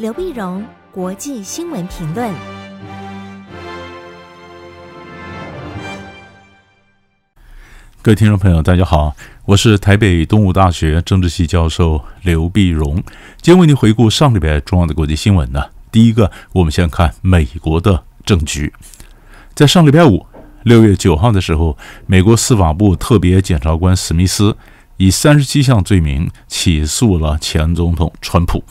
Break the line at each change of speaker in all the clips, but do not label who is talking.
劉必榮，國際新聞評論。各位聽眾朋友，大家好，我是台北東吳大學政治系教授劉必榮。今天為您回顧上禮拜重要的國際新聞呢。第一個，我們先看美國的政局。在上禮拜五，六月九號的時候，美國司法部特別檢察官史密斯以三十七項罪名起訴了前總統川普，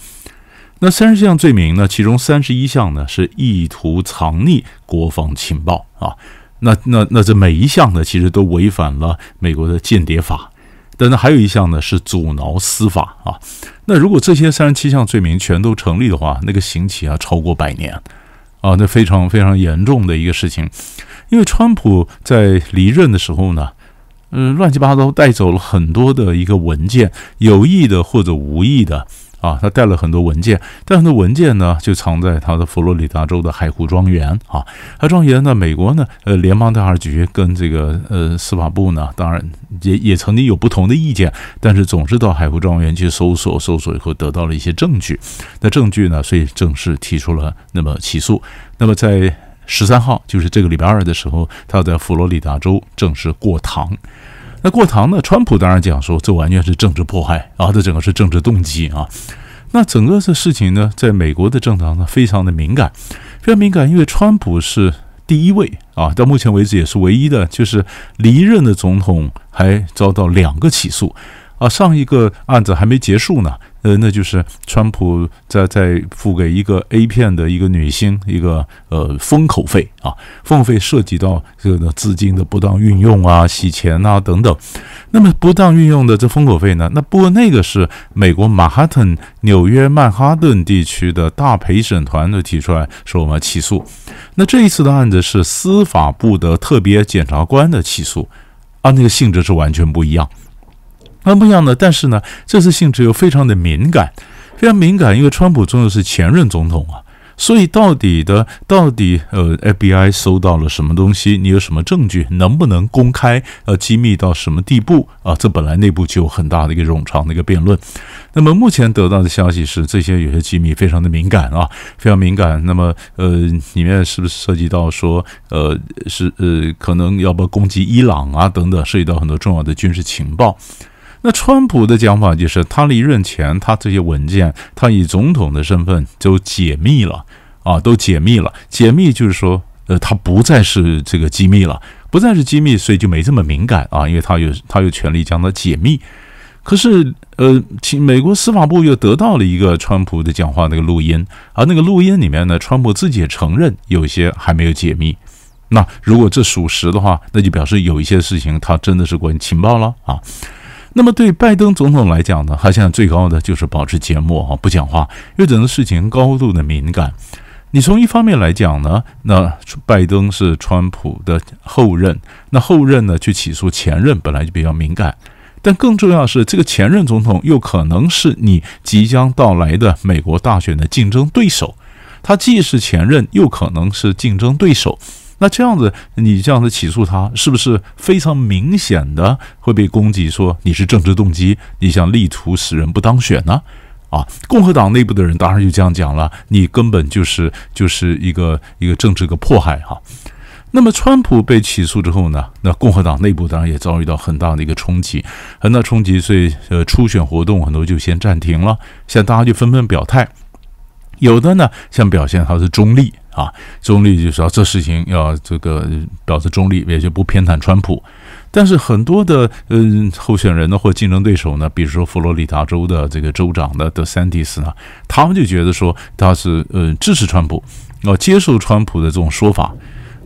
那三十七項罪名呢，其中三十一項呢是意圖藏匿國防情報啊。那那那這每一項呢，其實都違反了美國的間諜法。但那還有一項呢是阻撓司法啊。那如果這些三十七項罪名全都成立的話，那個刑期啊超過百年啊，那非常非常嚴重的一個事情。因為川普在離任的時候呢，嗯，亂七八糟帶走了很多的一個文件，有意的或者無意的。啊，他帶了很多文件，帶很多文件呢，就藏在他的佛羅里達州的海湖莊園啊。海湖莊園呢，美國呢，呃，聯邦調查局跟這個呃司法部呢，當然也也曾經有不同的意見，但是總是到海湖莊園去搜索，搜索以後得到了一些證據。那證據呢，所以正式提出了那麼起訴。那麼在十三號，就是這個禮拜二的時候，他在佛羅里達州正式過堂。那過堂呢，川普當然講說，這完全是政治迫害啊！這整個是政治動機啊！那整個這事情呢，在美國的政黨呢，非常的敏感，非常敏感，因為川普是第一位啊，到目前為止也是唯一的，就是離任的總統還遭到兩個起訴啊，上一個案子還沒結束呢。呃，那就是川普在在付給一個 A 片的一個女星一個呃封口費啊，封口費涉及到這個資金的不當運用啊、洗錢啊等等。那麼不當運用的這封口費呢，那不過那個是美國曼哈頓、紐約曼哈頓地區的大陪審團的提出來說我們要起訴。那這一次的案子是司法部的特別檢察官的起訴，啊，那個性質是完全不一樣。很不一樣的，但是呢，這次性質又非常的敏感，非常敏感，因為川普總統是前任總統啊，所以到底的到底呃，FBI 搜到了什麼東西？你有什麼證據？能不能公開？呃，機密到什麼地步啊？這本來內部就有很大的一個冗長的一個辯論。那麼目前得到的消息是，這些有些機密非常的敏感啊，非常敏感。那麼呃，裡面是不是涉及到說呃是呃可能要不要攻擊伊朗啊等等，涉及到很多重要的軍事情報。那川普的講法就是，他離任前，他這些文件，他以總統的身份就解密了啊，都解密了。解密就是說，呃，他不再是這個機密了，不再是機密，所以就沒這麼敏感啊，因為他有他有權利將它解密。可是，呃，美國司法部又得到了一個川普的講話那個錄音，而那個錄音裡面呢，川普自己也承認有些還沒有解密。那如果這屬實的話，那就表示有一些事情他真的是關於情報了啊。那麼對拜登總統來講呢，他現在最高的就是保持緘默啊，不講話，因為整個事情高度的敏感。你從一方面來講呢，那拜登是川普的後任，那後任呢去起訴前任本來就比較敏感，但更重要的是這個前任總統又可能是你即將到來的美國大選的競爭對手，他既是前任，又可能是競爭對手。那這樣子，你這樣子起訴他，是不是非常明顯的會被攻擊說你是政治動機，你想力圖使人不當選呢？啊，共和黨內部的人當然就這樣講了，你根本就是就是一個一個政治的迫害哈啊。那麼川普被起訴之後呢，那共和黨內部當然也遭遇到很大的一個衝擊，很大衝擊，所以呃初選活動很多就先暫停了，現在大家就紛紛表態，有的呢想表現他是中立。啊，中立就是要這事情要這個表示中立，也就不偏袒川普。但是很多的嗯候選人呢，或者競爭對手呢，比如說佛羅里達州的這個州長的德桑蒂斯呢，他們就覺得說他是嗯支持川普，要、啊、接受川普的這種說法。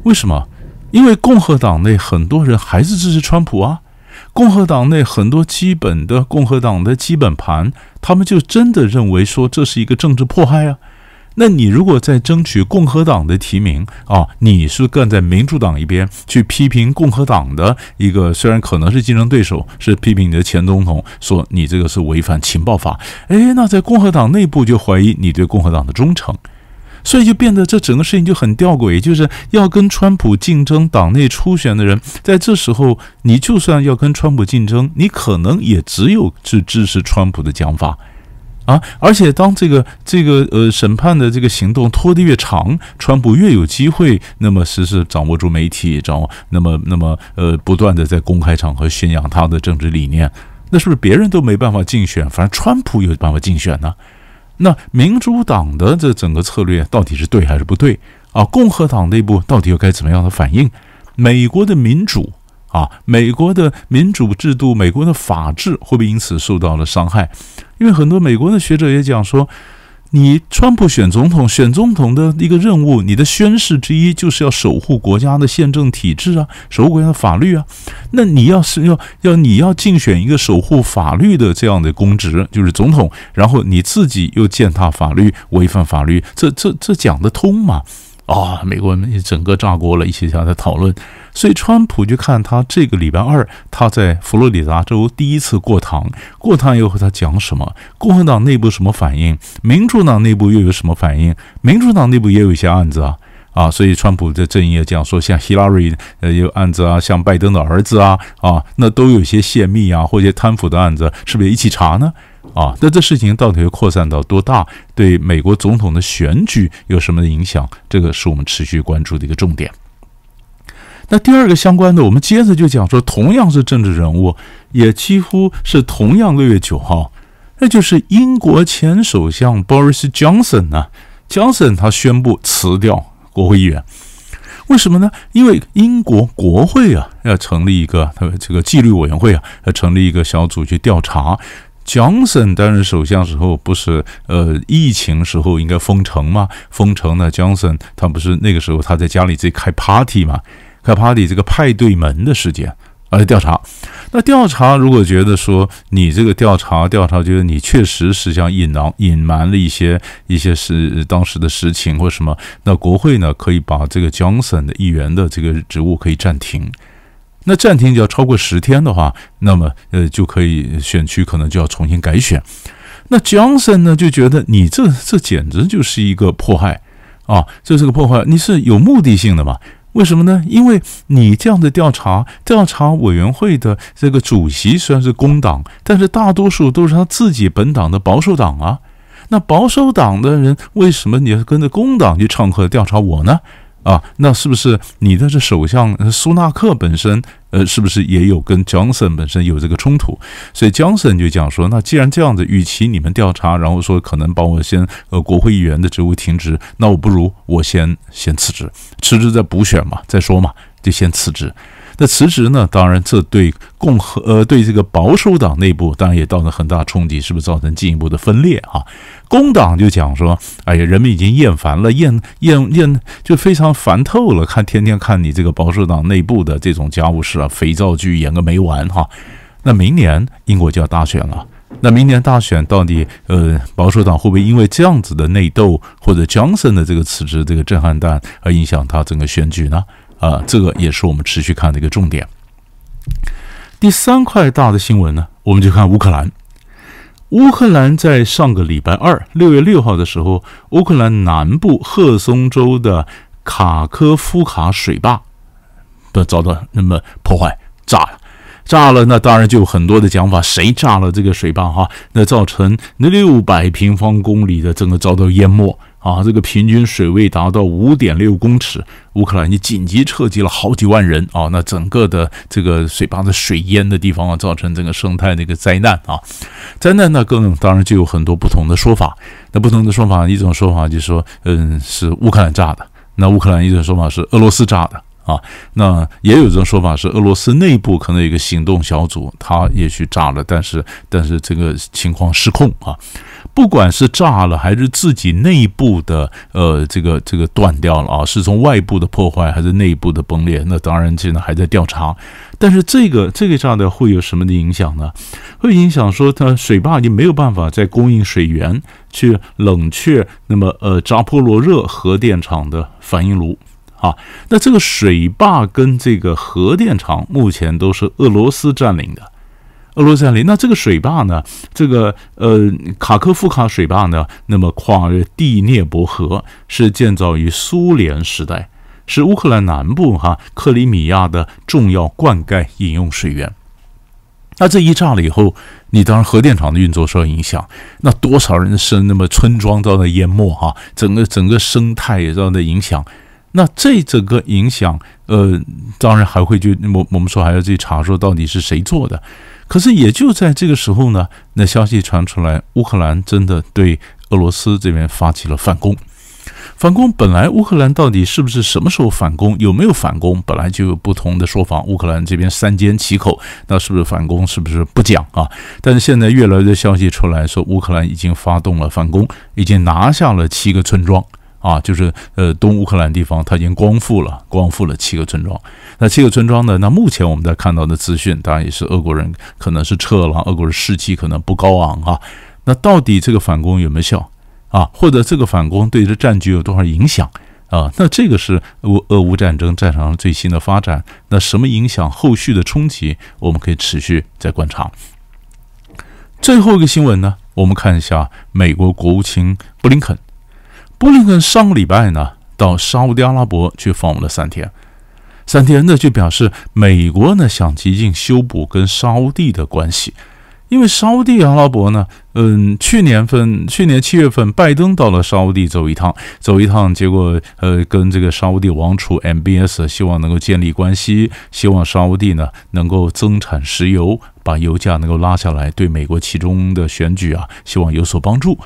為什麼？因為共和黨內很多人還是支持川普啊。共和黨內很多基本的共和黨的基本盤，他們就真的認為說這是一個政治迫害啊。那你如果在爭取共和黨的提名啊，你是站在民主黨一邊去批評共和黨的一個，雖然可能是競爭對手，是批評你的前總統，說你這個是違反情報法，哎，那在共和黨內部就懷疑你對共和黨的忠誠，所以就變得這整個事情就很吊詭，就是要跟川普競爭黨內初選的人，在這時候，你就算要跟川普競爭，你可能也只有去支持川普的講法。啊！而且當這個這個呃審判的這個行動拖得越長，川普越有機會，那麼時時掌握住媒體，掌握，那麼那麼呃不斷地在公開場合宣揚他的政治理念，那是不是別人都沒辦法競選，反正川普有辦法競選呢？那民主黨的這整個策略到底是對還是不對啊？共和黨內部到底又該怎麼樣的反應？美國的民主？啊，美國的民主制度，美國的法治，會不會因此受到了傷害？因為很多美國的學者也講說，你川普選總統，選總統的一個任務，你的宣誓之一就是要守護國家的憲政體制啊，守護國家的法律啊。那你要是要要你要競選一個守護法律的這樣的公職，就是總統，然後你自己又踐踏法律，違反法律，這這這講得通嗎？啊、哦，美國人整個炸鍋了，一起家在討論，所以川普就看他這個禮拜二他在佛羅里達州第一次過堂，過堂又和他講什麼？共和黨內部什麼反應？民主黨內部又有什麼反應？民主黨內部也有一些案子啊，啊，所以川普的陣營也講說，像希拉裡呃有案子啊，像拜登的兒子啊，啊，那都有一些泄密啊或者些貪腐的案子，是不是一起查呢？啊，那這事情到底會擴散到多大？對美國總統的選舉有什麼影響？這個是我們持續關注的一個重點。那第二個相關的，我們接着就講說，同樣是政治人物，也幾乎是同樣六月九號，那就是英國前首相 Boris Johnson 呢，Johnson 他宣布辭掉國會議員，為什麼呢？因為英國國會啊要成立一個他這個紀律委員會啊，要成立一個小組去調查。Johnson 擔任首相時候，不是呃疫情時候應該封城嗎？封城呢，Johnson 他不是那個時候他在家裡自己開 party 嘛？開 party 這個派對門的事件，而且調查。那調查如果覺得說你這個調查調查覺得你確實是想隱瞞隱瞞了一些一些事，當時的實情或什麼，那國會呢可以把這個 Johnson 的議員的這個職務可以暫停。那暫停就要超過十天的話，那麼呃就可以選區可能就要重新改選。那 Johnson 呢就覺得你這這簡直就是一個迫害啊，這是個迫害，你是有目的性的嘛？為什麼呢？因為你這樣的調查調查委員會的這個主席雖然是工黨，但是大多數都是他自己本黨的保守黨啊。那保守黨的人為什麼你要跟着工黨去唱和調查我呢？啊，那是不是你的這首相蘇納克本身，呃，是不是也有跟 Johnson 本身有這個衝突？所以 Johnson 就講說，那既然這樣子，與其你們調查，然後說可能把我先呃國會議員的職務停職，那我不如我先先辭職，辭職再補選嘛，再說嘛，就先辭職。那辭職呢？當然，這對共和呃對這個保守黨內部當然也造成很大衝擊，是不是造成進一步的分裂啊？工黨就講說，哎呀，人們已經厭煩了，厭厭厭，就非常煩透了。看天天看你這個保守黨內部的這種家務事啊，肥皂劇演個沒完哈、啊。那明年英國就要大選了，那明年大選到底呃保守黨會不會因為這樣子的內鬥或者 Johnson 的這個辭職這個震撼彈而影響他整個選舉呢？啊、呃，這個也是我們持續看的一個重點。第三塊大的新聞呢，我們就看烏克蘭。烏克蘭在上個禮拜二，六月六號的時候，烏克蘭南部赫松州的卡科夫卡水壩，不遭到那麼破壞，炸了，炸了。那當然就有很多的講法，誰炸了這個水壩哈、啊？那造成那六百平方公里的整個遭到淹沒。啊，這個平均水位達到五點六公尺，烏克蘭已經緊急撤離了好幾萬人啊！那整個的這個水壩的水淹的地方啊，造成這個生態的一個災難啊！災難那更當然就有很多不同的說法。那不同的說法，一種說法就是說，嗯，是烏克蘭炸的；那烏克蘭一種說法是俄羅斯炸的。啊，那也有這種說法是俄羅斯內部可能有一個行動小組，他也許炸了，但是但是這個情況失控啊。不管是炸了還是自己內部的呃這個這個斷掉了啊，是從外部的破壞還是內部的崩裂？那當然現在還在調查。但是這個這個炸掉會有什麼的影響呢？會影響說它水壩就沒有辦法再供應水源去冷卻，那麼呃扎波羅熱核、核電廠的反應爐。啊，那這個水壩跟這個核電廠目前都是俄羅斯占領的，俄羅斯占領。那這個水壩呢，這個呃卡科夫卡水壩呢，那麼跨越第聶伯河，是建造於蘇聯時代，是烏克蘭南部哈克里米亞的重要灌溉飲用水源。那這一炸了以後，你當然核電廠的運作受到影響，那多少人的生那麼村莊遭到淹沒哈、啊，整個整個生態也遭到影響。那這整個影響，呃，當然還會就我我們說還要去查說到底是誰做的。可是也就在這個時候呢，那消息傳出來，烏克蘭真的對俄羅斯這邊發起了反攻。反攻本來烏克蘭到底是不是什麼時候反攻，有沒有反攻，本來就有不同的說法。烏克蘭這邊三緘其口，那是不是反攻，是不是不講啊？但是現在越來越多消息出來說，說烏克蘭已經發動了反攻，已經拿下了七個村莊。啊，就是呃，東烏克蘭地方，它已經光復了，光復了七個村莊。那七個村莊呢，那目前我們在看到的資訊，當然也是俄國人可能是撤了，俄國人士氣可能不高昂啊。那到底這個反攻有沒有效啊？或者這個反攻對這戰局有多少影響啊？那這個是俄烏戰爭戰場上最新的發展。那什麼影響後續的衝擊？我們可以持續再觀察。最後一個新聞呢，我們看一下美國國務卿布林肯。布林肯上個禮拜呢，到沙烏地阿拉伯去訪問了三天，三天呢就表示美國呢想極盡修補跟沙烏地的關係，因為沙烏地阿拉伯呢，嗯，去年份去年七月份，拜登，到了沙烏地走一趟，走一趟，結果呃，跟這個沙烏地王儲 MBS，希望能夠建立關係，希望沙烏地呢能夠增產石油，把油價能夠拉下來，對美國其中的選舉啊，希望有所幫助。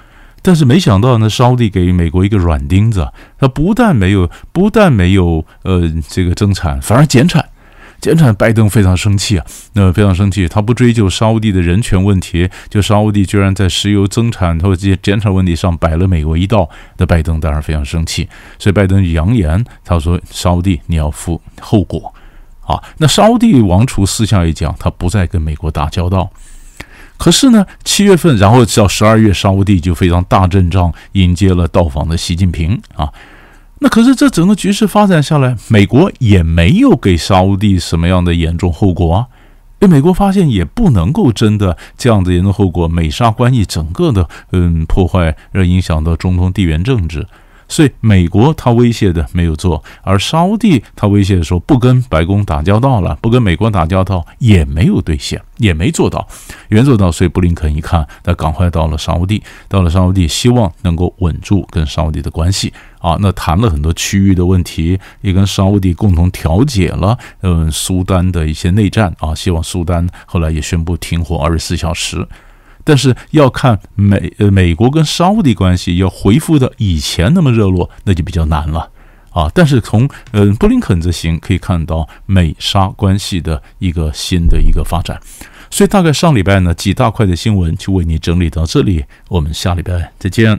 但是沒想到，那沙烏地給美國一個軟釘子，他不但沒有，不但沒有，呃，這個增產，反而減產。減產，拜登非常生氣啊，那、呃、非常生氣，他不追究沙烏地的人權問題，就沙烏地居然在石油增產或這些減產問題上擺了美國一道，那拜登當然非常生氣。所以拜登揚言，他說：“沙烏地，你要負後果。”啊，那沙烏地王儲私下也講，他不再跟美國打交道。可是呢，七月份，然後到十二月，沙烏地就非常大陣仗迎接了到訪的習近平啊。那可是這整個局勢發展下來，美國也沒有給沙烏地什麼樣的嚴重後果啊。被美國發現也不能夠真的這樣的嚴重後果，美沙關係整個的嗯破壞，而影響到中東地緣政治。所以美國他威脅的沒有做，而沙烏地他威脅的時候不跟白宮打交道了，不跟美國打交道也沒有兌現，也沒做到。原則到，所以布林肯一看，那趕快到了沙烏地。到了沙烏地希望能夠穩住跟沙烏地的關係啊。那談了很多區域的問題，也跟沙烏地共同調解了，嗯、呃，蘇丹的一些內戰啊，希望蘇丹後來也宣布停火二十四小時。但是要看美、呃，美國跟沙烏的關係要恢復到以前那麼熱絡，那就比較難了啊！但是從嗯、呃、布林肯這行，可以看到美沙關係的一個新的一個發展。所以大概上禮拜呢，幾大塊的新聞就為你整理到這裡，我們下禮拜再見。